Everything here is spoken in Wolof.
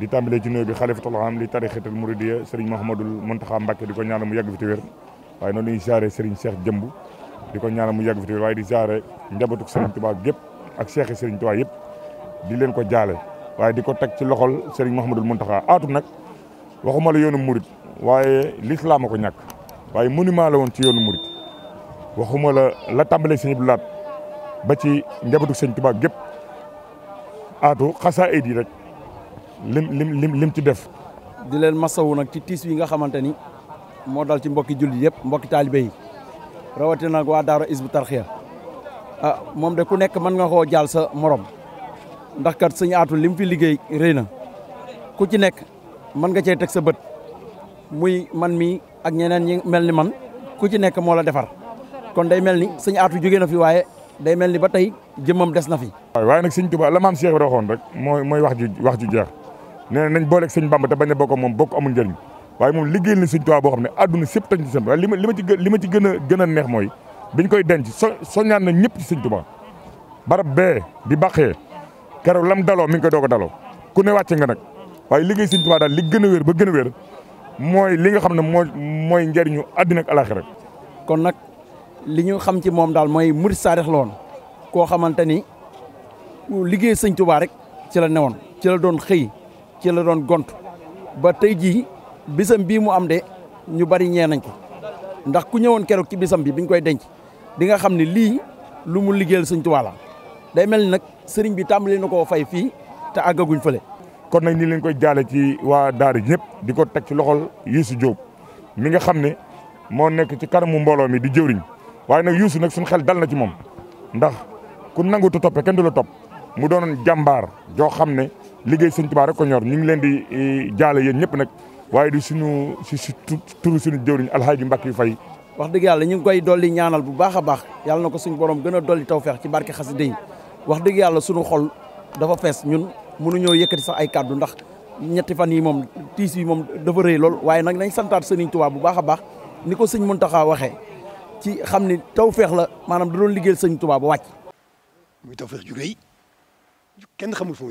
di tàmbalee ci nuyoo bi xalifatul am li tarixatul muridiyya sëriñ Mouhamadul Mountakha Mbacké di ko ñaanal mu yàgg fi ci wér waaye noonu dañuy siyaare sëriñ Cheikh Jëmb di ko ñaanal mu yàgg fi ci waaye di siyaare njabootu sëriñ Tuubaa gépp ak Cheikh sëriñ Tuubaa yëpp di leen ko jaale waaye di ko teg ci loxol sëriñ Mouhamadul Mountakha aatum nag waxuma la yoonu murid waaye lislaam a ko ñàkk waaye monument la woon ci yoonu waxuma la la tàmbalee sëñ laat ba ci njabootu sëñ Tuubaa gépp lim lim lim ci def. di leen masawu nag ci tiis yi nga xamante ni moo dal ci mbokki jullit yëpp mbokki taalibe yi rawatina nag waa Daara Hizbut Tarqiyyah a ah, moom de ku nekk mën nga koo jaal sa moroom ndax kat suñu aatu li fi liggéey rëy na ku ci nekk mën nga cee teg sa bët muy man mii ak ñeneen ñi mel ni man ku ci nekk moo la defar kon day mel ni suñu aatu jóge na fi waaye day mel ni ba tey jëmmam des na fi. waaye nag Sëñ Tuubaa la maam Cheikh waxoon rek mooy mooy wax ju wax ju jeex. nee nañ booleeg sëñ bamba te bañ a bokk moom bokk amul njëriñ waaye moom liggéey na sëñ Tuubaa boo xam ne àdduna sëpp tañ ci sëñ waaye li li ma gën a gën a neex mooy biñ koy denc so soññaan na ñëpp ci sëñ Tuubaa barab bee di bàqee keroog lam daloo mi ngi koy doog a daloo ku ne wàcce nga nag waaye liggéey sëñ Tuubaa daal li gën a wér ba gën a wér mooy li nga xam ne moo mooy njëriñu àddina ak rek kon nag li ñu xam ci moom daal mooy murid saadix la woon koo xamante ni liggéey sëñ Tuubaa rek ci la newoon ci la doon xëy ci la doon gont ba tey jii bisam bii mu am de ñu bari ñee nañ ko ndax ku ñëwoon keroog ci bisam bi biñ koy denc di nga xam ne lii lu mu liggéeyal sëñ Tuubaa day mel ni nag sëriñ bi tàmbali na koo fay fii te àggaguñ fële. kon nag ni lañ koy jaale ci waa daara ñëpp di ko teg ci loxol Youssou jóob mi nga xam ne moo nekk ci kanamu mbooloo mi di jëwriñ waaye nag yuusu nag suñu xel dal na ci moom ndax ku nangutu toppe kenn du la topp mu doonoon jàmbaar joo xam ne liggéey sëñ Tuubaa rek ko ñor ñu leen di eh, jaale yéen ñëpp nag waaye di suñu si si turu suñu jëwriñ alxaaji Mbàkke Fay wax dëgg yàlla ñu ngi koy dolli ñaanal bu baax a baax yàlla na ko suñu borom gën a dolli tawfeex ci barke xasida yi wax dëgg yàlla suñu xol dafa fees ñun ñëw yëkkati sax ay kàddu ndax ñetti fan yi moom tiis yi moom dafa rëy lool waaye nag nañ santaat sëriñ Tuubaa bu baax a baax ni ko sëñ Muntaxa waxee ci xam ni tawfeex la maanaam da doon liggéeyal sëñ Tuubaa ba wàcc muy tawfeex ju rëy kenn xamul fu mu